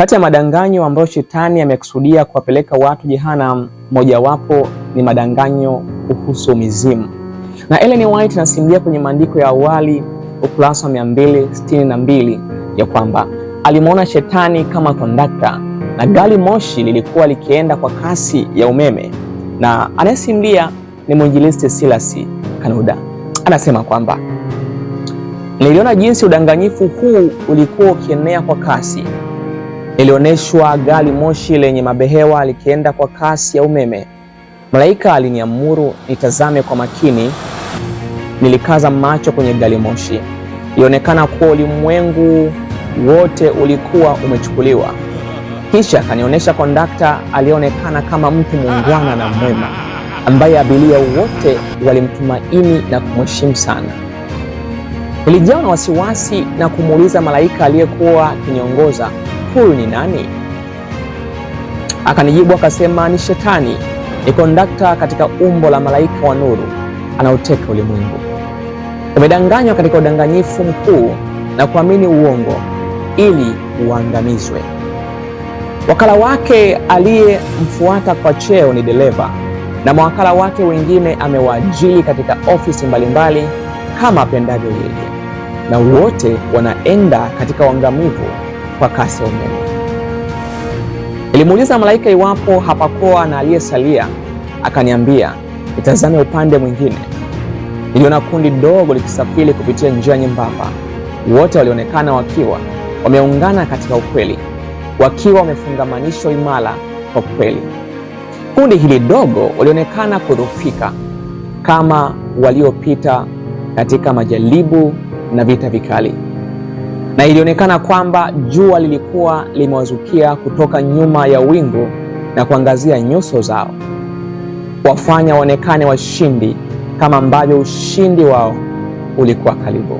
Kati ya madanganyo ambayo shetani amekusudia kuwapeleka watu jehanamu, mojawapo ni madanganyo kuhusu mizimu, na Ellen White anasimulia kwenye maandiko ya awali ukurasa wa 262 ya kwamba alimwona shetani kama kondakta na gari moshi lilikuwa likienda kwa kasi ya umeme, na anayesimulia ni mwinjilisti Silas Kanuda. Anasema kwamba niliona jinsi udanganyifu huu ulikuwa ukienea kwa kasi Nilioneshwa gari moshi lenye mabehewa likienda kwa kasi ya umeme. Malaika aliniamuru nitazame kwa makini. Nilikaza macho kwenye gari moshi. Ilionekana kuwa ulimwengu wote ulikuwa umechukuliwa. Kisha akanionyesha kondakta aliyeonekana kama mtu muungwana na mwema, ambaye abiria wote walimtumaini na kumheshimu sana. Nilijawa na wasiwasi na kumuuliza malaika aliyekuwa akiniongoza huyu ni nani? Akanijibu akasema ni Shetani, ni kondakta katika umbo la malaika wa nuru anaoteka ulimwengu. Umedanganywa katika udanganyifu mkuu na kuamini uongo ili uangamizwe. Wakala wake aliyemfuata kwa cheo ni dereva na mawakala wake wengine amewaajili katika ofisi mbalimbali kama apendavyo yeye, na wote wanaenda katika uangamivu kwa kasi ya umeme. Nilimuuliza malaika iwapo hapakuwa na aliyesalia, akaniambia nitazame upande mwingine. Niliona kundi dogo likisafiri kupitia njia nyembamba. Wote walionekana wakiwa wameungana katika ukweli, wakiwa wamefungamanishwa imara kwa kweli. Kundi hili dogo walionekana kudhoofika kama waliopita katika majaribu na vita vikali na ilionekana kwamba jua lilikuwa limewazukia kutoka nyuma ya wingu na kuangazia nyuso zao, wafanya waonekane washindi kama ambavyo ushindi wao ulikuwa karibu.